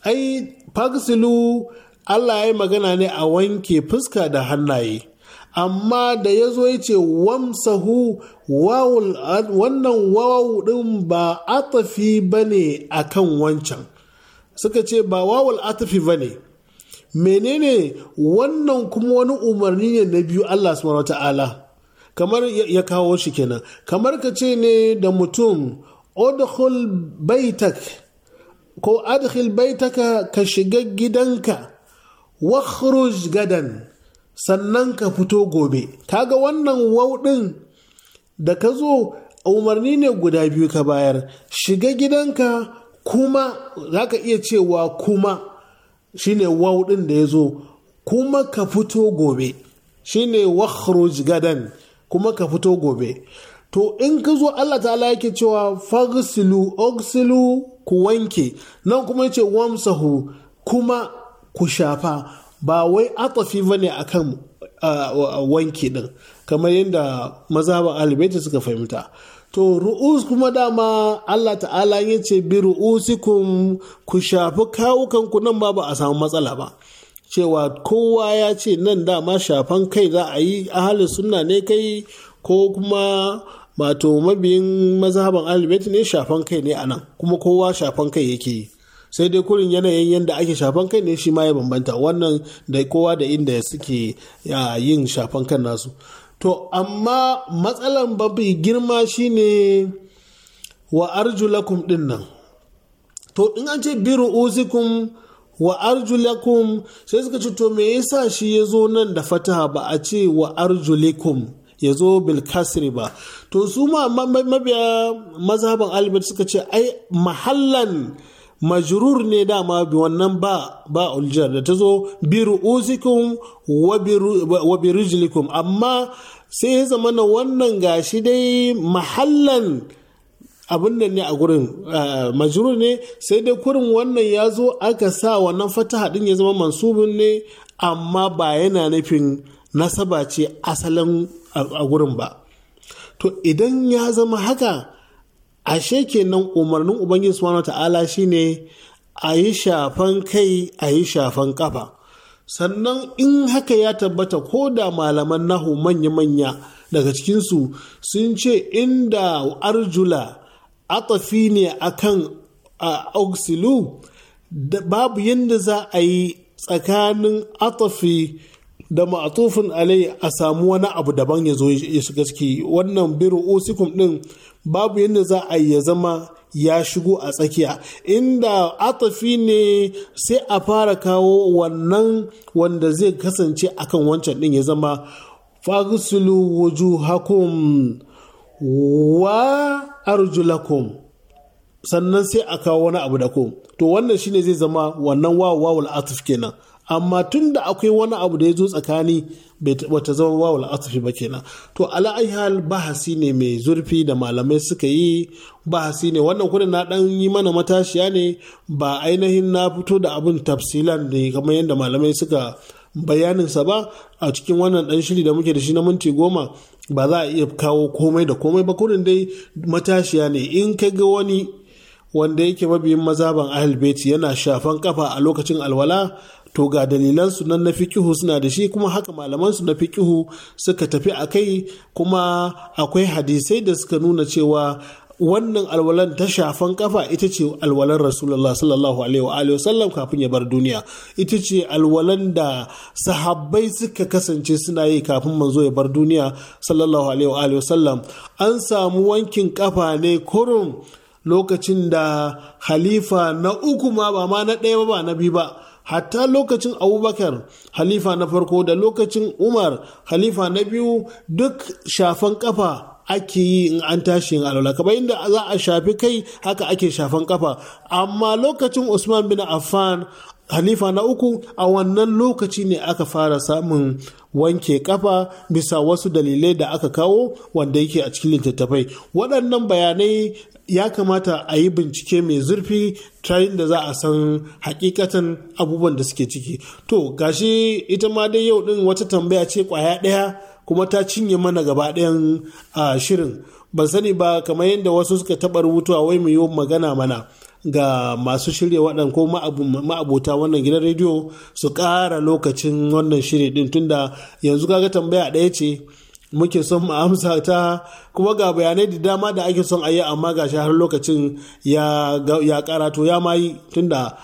[SPEAKER 6] ai fagsilu Allah ya yi magana ne a wanke fuska da hannaye amma da ya zo ya ce wamsahu wannan wawu din ba atafi ba ne wancan suka ce ba wawul atafi bane menene wannan kuma wani umarni ne na biyu Allah subhanahu ta'ala kamar ya kawo shi kenan kamar ka ce ne da mutum odhul baitak ko adkhil baitaka ka shiga gidanka wakhruj gadan sannan ka fito gobe kaga wannan wauɗin da ka zo umarni ne guda biyu ka bayar shiga gidanka kuma za ka iya cewa kuma shine wau ɗin da ya zo kuma ka fito gobe shine wakhruj gadan kuma ka fito gobe to in ka zo Allah ta'ala yake cewa fagsilu ogsilu ku wanke nan kuma yace wamsahu kuma ku shafa ba wai atafi bane akan wanke din kamar yadda maza ba alibaita suka fahimta to ru'us kuma dama Allah ta'ala ya ce bi ru'usikum ku shafi kawukan ku nan ba ba a samu matsala ba cewa kowa ya ce nan dama shafan kai za a yi ahalin sunna ne kai ko kuma to mabiyin mazhaban alibet ne shafan kai ne anan kuma kowa shafan kai yake yi sai dai kurin yanayin yadda ake shafan kai ne shi ma ya bambanta wannan da kowa da inda suke yin shafan kan nasu to amma matsalan babu girma shine wa arjulakum din nan to in an ce biru uzikum wa arjulakum sai suka ce to me yasa shi ya zo nan da fataha ba a ce wa arjulikum ya zo bilkasri ba to su ma mabiya mazhaban albert suka ce ai mahallan majrur ne dama bi wannan ba ba uljar da ta zo bi ru'usikum wa bi rijlikum amma sai ya zama na wannan gashi dai mahallan abin nan ne a gurin majrur ne sai dai kurin wannan ya zo aka sa wannan fataha din ya zama mansubin ne amma ba yana nufin nasaba ce asalin a gurin ba to idan ya zama haka ashe kenan umarnin ubangiji subhanahu ta'ala shine a yi shafan kai a yi shafan kafa sannan in haka ya tabbata ko da malaman nahu manya-manya daga cikinsu sun ce inda arjula atafi ne akan auxilu babu yadda za a yi tsakanin atafi da ma'atufin alai a samu wani abu daban ya zo ya shiga ciki wannan biru osikum din babu yadda za a ya zama ya shigo a tsakiya inda atafi ne sai a fara kawo wannan wanda zai kasance akan wancan din ya zama fagusulu hakum wa arjulakum sannan sai a kawo wani abu da to wannan shine zai zama wannan wawawul atuf kenan amma tun da akwai wani abu da ya zo tsakani bata zama wa asufi ba kenan to ala aihal bahasi ne mai zurfi da malamai suka yi bahasi ne wannan kudin na ɗan yi mana matashiya ne ba ainihin na fito da abin tafsilan da kamar yadda malamai suka bayaninsa ba a cikin wannan dan shiri da muke da shi na minti goma ba za a iya kawo komai da komai ba kudin dai matashiya ne in ka ga wani wanda yake mabiyin mazaban ahalbeti yana shafan kafa a lokacin alwala to ga dalilansu nan na fikihu suna da shi kuma haka malamansu na fikihu suka tafi a kai kuma akwai hadisai da suka nuna cewa wannan alwalan ta shafan kafa ita ce alwalan rasulullah sallallahu alaihi wa sallam kafin ya bar duniya ita ce alwalan da sahabbai suka kasance suna yi kafin manzo ya bar duniya sallallahu alaihi wa sallam an samu wankin kafa ne kurum lokacin da halifa na uku ma ba ma na ɗaya ba na biyu ba hatta lokacin abubakar halifa na farko da lokacin umar halifa na biyu duk shafan kafa ake yi in an tashi yin alwala kamar inda za a shafi kai haka ake shafan kafa amma lokacin usman bin affan halifa na uku a wannan lokaci ne aka fara samun wanke kafa bisa wasu dalilai da aka kawo wanda yake a cikin littattafai waɗannan bayanai ya kamata a yi bincike mai zurfi tayin da za a san hakikatan abubuwan da suke ciki to gashi ita ma dai yau din wata tambaya ce kwaya ɗaya kuma ta cinye mana gaba ɗayan shirin ban sani ba kamar yadda wasu suka taɓa rubutu a wai mu yi magana mana ga masu shirya waɗan ko ma'abota wannan gidan rediyo su ƙara lokacin wannan shirin ɗin tunda yanzu kaga tambaya ɗaya ce muke son mu amsa ta kuma ga bayanai da dama da ake son a yi amma ga har lokacin ya kara to ya mayi tunda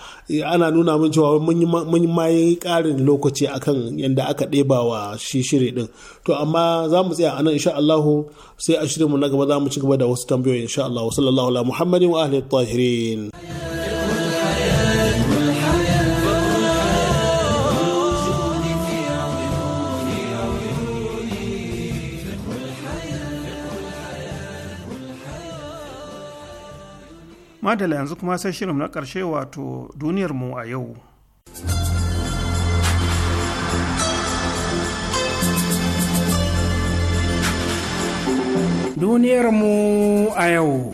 [SPEAKER 6] ana nuna min cewa mun mayi karin lokaci akan yadda aka ɗeba wa shi shiri din to amma za mu tsaya anan insha Allah sai a mu na gaba za mu ci gaba da wasu tambayoyi insha Allah sallallahu alaihi wa alihi tahirin
[SPEAKER 1] madala yanzu kuma sai shirin na ƙarshe wato duniyarmu a yau
[SPEAKER 3] duniyarmu a yau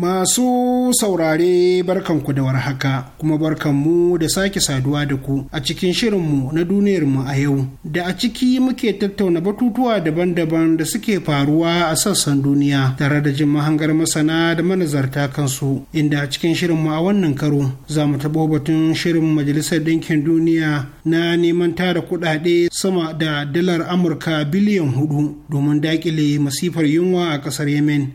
[SPEAKER 3] Masu saurare barkanku da warhaka kuma barkanmu da sake saduwa da ku a cikin shirinmu na duniyarmu a yau da a ciki muke tattauna batutuwa daban-daban da suke faruwa a sassan duniya tare da jin mahangar masana da manazarta kansu inda a cikin shirinmu a wannan karo za mu taɓo batun shirin majalisar ɗinkin duniya na neman tara kuɗaɗe sama da dalar Amurka biliyan hudu domin daƙile masifar yunwa a ƙasar Yemen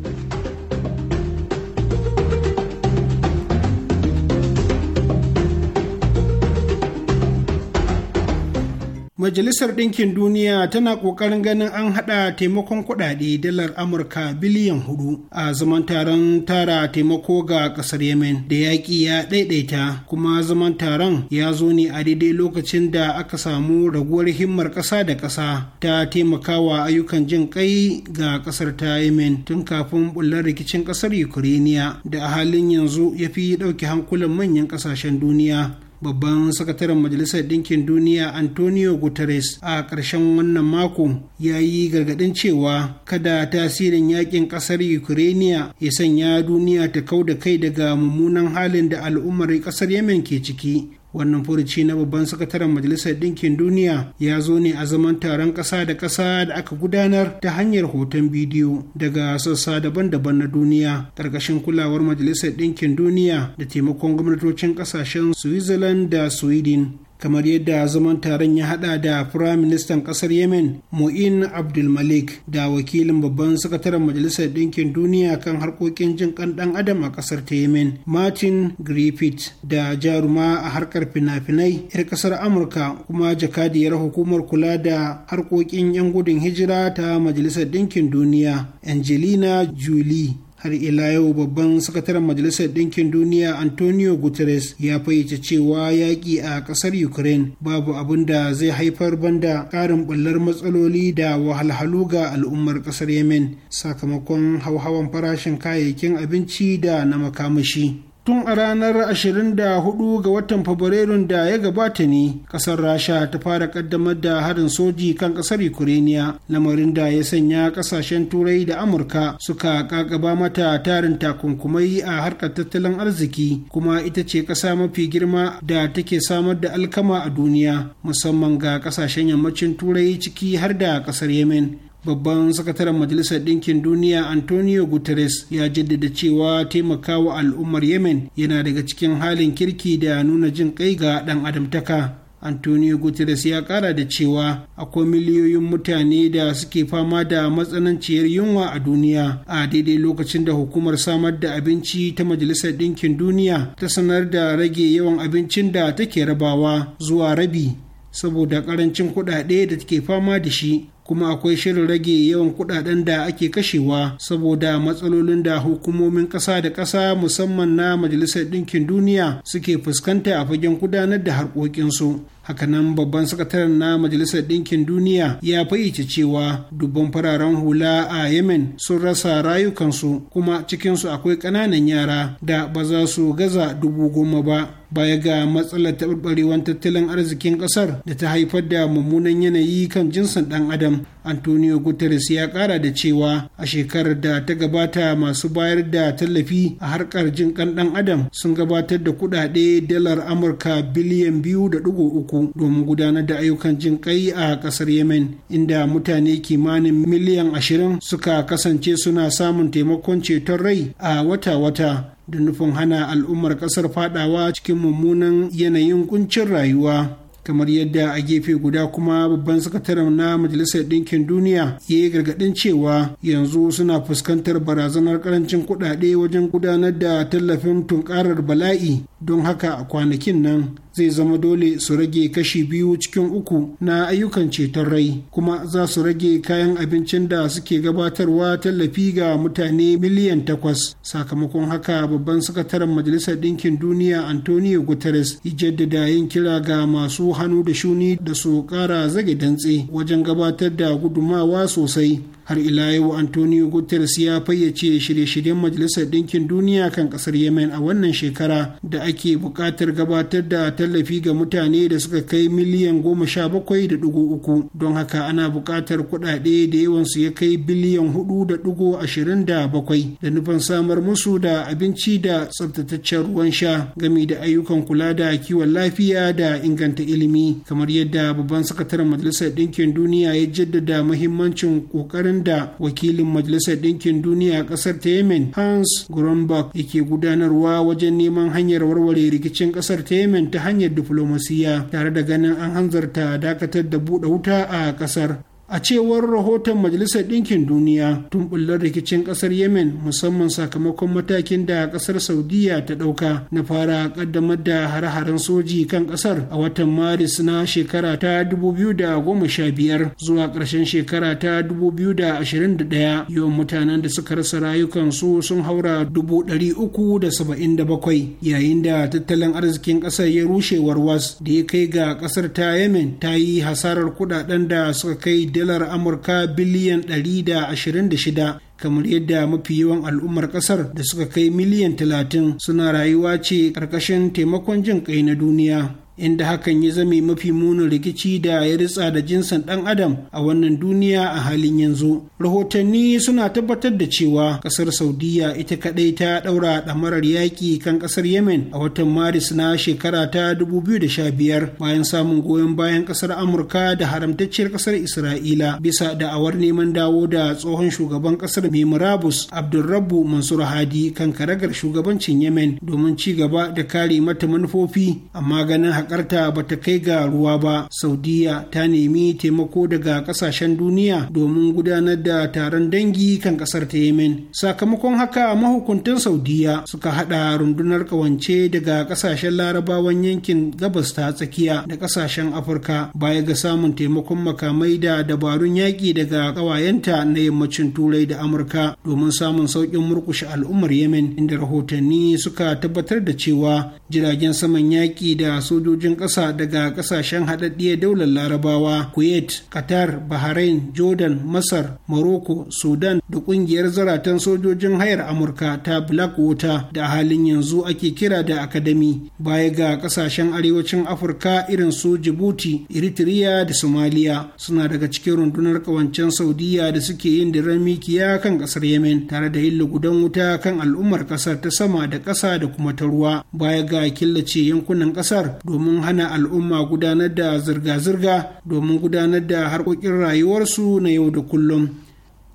[SPEAKER 3] Majalisar Ɗinkin Duniya tana ƙoƙarin ganin an haɗa taimakon kuɗaɗe dalar Amurka biliyan hudu a zaman taron tara taimako ga ƙasar Yemen da yaƙi ya ɗaiɗaita kuma zaman taron ya zo ne a daidai lokacin da aka samu raguwar himmar ƙasa da ƙasa ta taimakawa ayyukan jin ƙai ga ƙasar ta Yemen tun kafin bullar rikicin ƙasar Ukrainiya da a halin yanzu ya fi ɗauke hankulan manyan ƙasashen duniya. babban sakataren majalisar ɗinkin duniya antonio guterres a ƙarshen wannan mako ya yi gargaɗin cewa kada tasirin yakin ƙasar ukraine ya sanya duniya ta kau da kai daga mummunan halin da al'ummar ƙasar yemen ke ciki wannan furuci na babban sakataren majalisar ɗinkin duniya ya zo ne a zaman taron ƙasa da ƙasa da aka gudanar ta hanyar hoton bidiyo daga sassa daban-daban na duniya ƙarƙashin kulawar majalisar ɗinkin duniya da taimakon gwamnatocin ƙasashen switzerland da sweden kamar yadda zaman taron ya hada da firayim ministan kasar yemen mu'in abdulmalik da wakilin babban sakataren majalisar ɗinkin duniya kan harkokin jin kan dan adam a kasar ta yemen martin griffith da jaruma a harkar fina-finai 'yar kasar amurka kuma jakadiyar hukumar kula da harkokin 'yan gudun hijira ta majalisar ɗinkin duniya angelina julie har ila yau babban sakataren majalisar ɗinkin duniya antonio guterres ya fayyace cewa yaƙi a ƙasar ukraine babu abin da zai haifar banda ƙarin ɓullar matsaloli da wahalhalu ga al'ummar ƙasar yemen sakamakon hauhawan farashin kayayyakin abinci da na makamashi tun a ranar 24 ga watan fabrairun da ya gabata ne kasar rasha ta fara kaddamar da harin soji kan kasar ukraniya lamarin da ya sanya kasashen turai da amurka suka kakaba mata tarin takunkumai a harkar tattalin arziki kuma ita ce kasa mafi girma da take samar da alkama a duniya musamman ga kasashen yammacin turai ciki har da kasar yemen babban sakataren majalisar ɗinkin duniya antonio guterres ya jaddada cewa taimakawa al'ummar yemen yana daga cikin halin kirki da nuna jin kai ga ɗan adamtaka antonio guterres ya ƙara da cewa akwai miliyoyin mutane da suke fama da matsananciyar yunwa a duniya a daidai lokacin da hukumar samar da abinci ta majalisar ɗinkin duniya ta sanar da rage yawan abincin da take rabawa zuwa rabi saboda ƙarancin kuɗaɗe da take fama da shi kuma akwai shirin rage yawan kudaden da ake kashewa saboda matsalolin da hukumomin kasa da kasa musamman na majalisar ɗinkin duniya suke fuskanta a fagen gudanar da harkokinsu hakanan babban sakataren na majalisar ɗinkin duniya ya fayyace cewa dubban fararen hula a yemen sun rasa rayukansu kuma cikinsu akwai ƙananan yara da ba za su gaza dubu goma ba baya ga matsalar taɓarɓarewar tattalin arzikin ƙasar da ta haifar da mummunan yanayi kan jinsin ɗan adam antonio guterres ya kara da cewa a shekarar da ta gabata masu bayar da tallafi a harkar jin kan dan adam sun gabatar da kudade dalar amurka biliyan biyu da dugu uku domin gudanar da ayyukan jin kai a kasar yemen inda mutane kimanin miliyan ashirin suka kasance suna samun taimakon ceton rai a wata-wata da nufin hana al'ummar ƙasar fadawa cikin mummunan yanayin kuncin rayuwa kamar yadda a gefe guda kuma babban sakataren na majalisar ɗinkin duniya ya yi gargaɗin cewa yanzu suna fuskantar barazanar karancin kuɗaɗe wajen gudanar da tallafin tunkarar bala'i don haka a kwanakin nan zai zama dole su rage kashi biyu cikin uku na ayyukan ceton rai kuma za su rage kayan abincin da suke gabatarwa tallafi ga mutane miliyan takwas sakamakon haka babban sakataren majalisar ɗinkin duniya antonio guterres ya jaddada yin kira ga masu hannu da shuni da su ƙara zage dantse wajen gabatar da gudumawa sosai har ila yau antonio guterres ya fayyace shirye-shiryen majalisar ɗinkin duniya kan ƙasar yemen a wannan shekara da ake buƙatar gabatar da tallafi ga mutane da suka kai miliyan goma sha bakwai da ɗigo uku don haka ana buƙatar kuɗaɗe da yawansu ya kai biliyan hudu da ɗigo ashirin da bakwai da nufin samar musu da abinci da tsabtataccen ruwan sha gami da ayyukan kula da kiwon lafiya da inganta ilimi kamar yadda babban sakataren majalisar ɗinkin duniya ya jaddada muhimmancin ƙoƙarin da wakilin majalisar ɗinkin duniya a ƙasar ta yemen hans grunberg yake gudanarwa wajen neman hanyar warware rikicin ƙasar ta yemen ta hanyar diflomasiya tare da ganin an hanzarta dakatar da buɗe wuta a ƙasar a cewar rahoton majalisar ɗinkin duniya tun bullar rikicin ƙasar yemen musamman sakamakon matakin da ƙasar saudiya ta ɗauka na fara ƙaddamar da hare-haren soji kan ƙasar a watan maris na shekara ta 2015 zuwa ƙarshen shekara ta 2021 yawan mutanen da suka rasa rayukansu sun haura 377 yayin da tattalin arzikin ƙasar ya rushe warwas da ya kai ga ƙasar ta yemen ta yi hasarar kuɗaɗen da suka kai dalar amurka biliyan 126 kamar yadda mafi yawan al'ummar kasar da suka kai miliyan 30 suna rayuwa ce ƙarƙashin taimakon jin ƙai na duniya inda hakan ya zame mafi munin rikici da ya ritsa da jinsin ɗan adam a wannan duniya a halin yanzu rahotanni suna tabbatar da cewa ƙasar saudiya ita kaɗai ta ɗaura ɗamarar yaƙi kan ƙasar yemen a watan maris na shekara ta 2015 bayan samun goyon bayan ƙasar amurka da haramtacciyar ƙasar isra'ila bisa da'awar neman dawo da tsohon shugaban ƙasar mai murabus abdulrabu mansur hadi kan karagar shugabancin yemen domin ci gaba da kare mata manufofi amma ganin alakarta ba ta kai ga ruwa ba saudiya ta nemi taimako daga ƙasashen duniya domin gudanar da taron dangi kan ƙasar ta yemen sakamakon haka mahukuntan saudiya suka haɗa rundunar ƙawance daga ƙasashen larabawan yankin gabas ta tsakiya da ƙasashen afirka baya ga samun taimakon makamai da dabarun yaƙi daga ƙawayenta na yammacin turai da amurka domin samun sauƙin murƙushe al'ummar yemen inda rahotanni suka tabbatar da cewa jiragen saman yaƙi da sojoji sojojin ƙasa daga ƙasashen haɗaɗɗiyar daular larabawa kuwait qatar bahrain jordan masar morocco sudan da ƙungiyar zaratan sojojin hayar amurka ta Black blackwater da halin yanzu ake kira da academy baya ga ƙasashen arewacin afirka irin su djibouti eritrea da somalia suna daga cikin rundunar ƙawancen saudiya da suke yin diran mikiya kan ƙasar yemen tare da yin lugudan wuta kan al'ummar ƙasar ta sama da ƙasa da kuma ta ruwa baya ga killace yankunan ƙasar domin domin hana al'umma gudanar da zirga-zirga domin gudanar da harkokin rayuwarsu na yau da kullum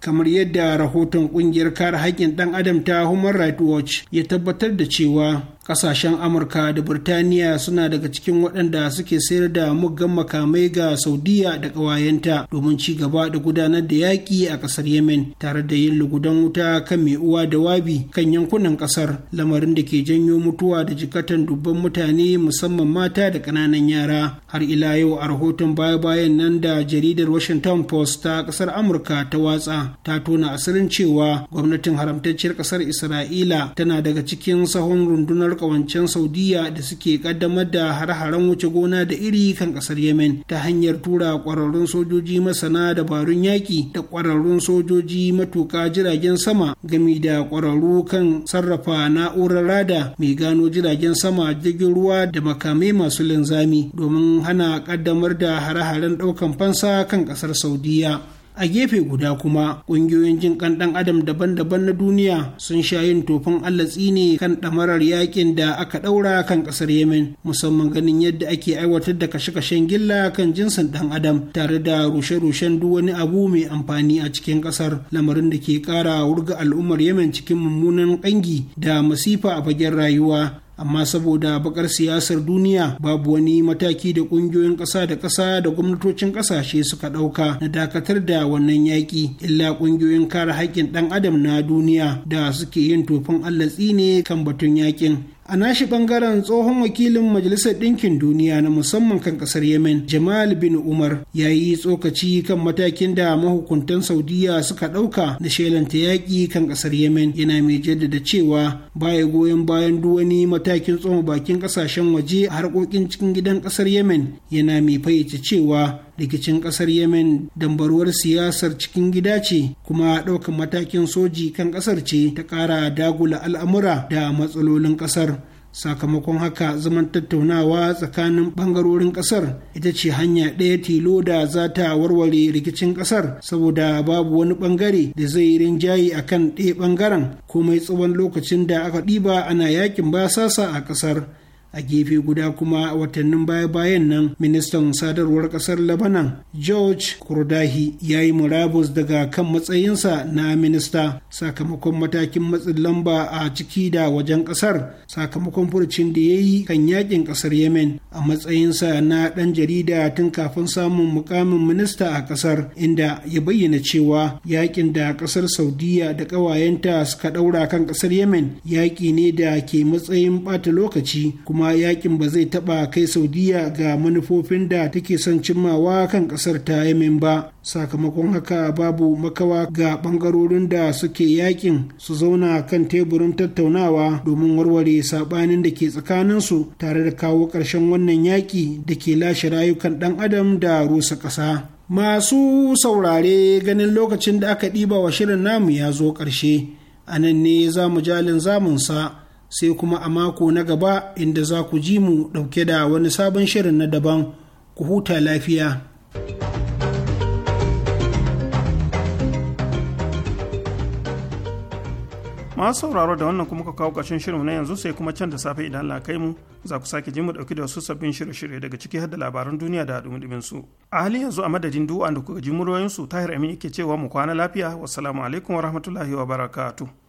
[SPEAKER 3] kamar yadda rahoton kungiyar kare haƙƙin ɗan adam ta human rights watch ya tabbatar da cewa kasashen amurka da birtaniya suna daga cikin waɗanda suke sayar da muggan makamai ga saudiya da ƙawayenta domin ci gaba da gudanar da yaƙi a ƙasar yemen tare da yin lugudan wuta kan mai uwa da wabi kan yankunan ƙasar lamarin da ke janyo mutuwa da jikatan dubban mutane musamman mata da ƙananan yara har ila yau a rahoton baya-bayan nan da jaridar washington post ta ƙasar amurka ta watsa ta tona asirin cewa gwamnatin haramtacciyar ƙasar isra'ila tana daga cikin sahun rundunar kungiyar kawancen saudiya da suke kaddamar da har-haren wuce gona da iri kan kasar yemen ta hanyar tura kwararrun sojoji masana dabarun yaƙi da kwararrun sojoji matuƙa jiragen sama gami da kwararru kan sarrafa na'urar rada mai gano jiragen sama jirgin ruwa da makamai masu linzami domin hana kaddamar da hare-haren ɗaukan fansa kan kasar saudiya a gefe guda kuma ƙungiyoyin jin kan ɗan adam daban-daban na duniya sun sha yin tofin Allah tsini kan ɗamarar yakin da aka ɗaura kan ƙasar yemen musamman ganin yadda ake aiwatar da kashe-kashen gilla kan jinsin ɗan adam tare da rushe-rushen duk wani abu mai amfani a cikin ƙasar lamarin da ke ƙara wurga al'ummar yemen cikin mummunan ƙangi da masifa a fagen rayuwa amma saboda bakar siyasar duniya babu wani mataki da kungiyoyin kasa da kasa da gwamnatocin kasashe suka ɗauka na dakatar da wannan yaki illa kungiyoyin kare haƙƙin ɗan adam na duniya da suke yin tofin allatsi ne kan batun yakin. a nashi bangaren tsohon wakilin majalisar ɗinkin duniya na musamman kan ƙasar yemen jamal bin umar ya yi tsokaci kan matakin da mahukuntan saudiya suka ɗauka na shelanta yaƙi kan ƙasar yemen yana mai jaddada cewa baya goyon bayan duwani matakin tsoma bakin ƙasashen waje a harkokin cikin gidan ƙasar yemen yana mai fayyace cewa rikicin kasar yemen dambaruwar siyasar cikin gida ce kuma ɗaukar matakin soji kan kasar ce ta ƙara dagula al'amura da matsalolin kasar sakamakon haka zaman tattaunawa tsakanin bangarorin ƙasar ita ce hanya ɗaya tilo da za ta warware rikicin ƙasar saboda babu wani ɓangare da zai rinjaye a kan ɗaya ɓangaren komai tsawon lokacin da aka ɗiba ana yakin basasa a ƙasar. a gefe guda kuma watannin baya-bayan nan ministan sadarwar kasar labanan george kurdahi ya yi murabus daga kan matsayinsa na minista sakamakon matakin matsin lamba a ciki da wajen kasar sakamakon furcin da ya yi kan yakin kasar yemen a matsayinsa na dan jarida tun kafin samun mukamin minista a kasar inda ya bayyana cewa yakin da kasar saudiya da kawayenta suka ɗaura kan kasar yemen yaƙi ne da ke matsayin ɓata lokaci kuma kuma yakin ba zai taɓa kai saudiya ga manufofin da take son cimmawa kan ƙasar ta yamin ba sakamakon haka babu makawa ga ɓangarorin da suke yakin su zauna kan teburin tattaunawa domin warware saɓanin da ke tsakaninsu tare da kawo ƙarshen wannan yaki da ke lashe rayukan ɗan adam da rusa ƙasa masu saurare ganin lokacin da aka ɗiba wa shirin namu ya zo ƙarshe a nan ne za mu jalin zamunsa sai kuma a mako na gaba inda za ku ji mu ɗauke da wani sabon shirin na daban ku huta lafiya.
[SPEAKER 1] masu sauraro da wannan kuma ka kawo ƙarshen shirin na yanzu sai kuma can da safe idan Allah kai mu za ku sake ji mu dauki da wasu sabbin shirye-shirye daga ciki har da labaran duniya da dumudumin su a halin yanzu a madadin du'a da kuka ji muryoyin su tahir amin yake cewa mu kwana lafiya wassalamu alaikum wa rahmatullahi wa barakatuh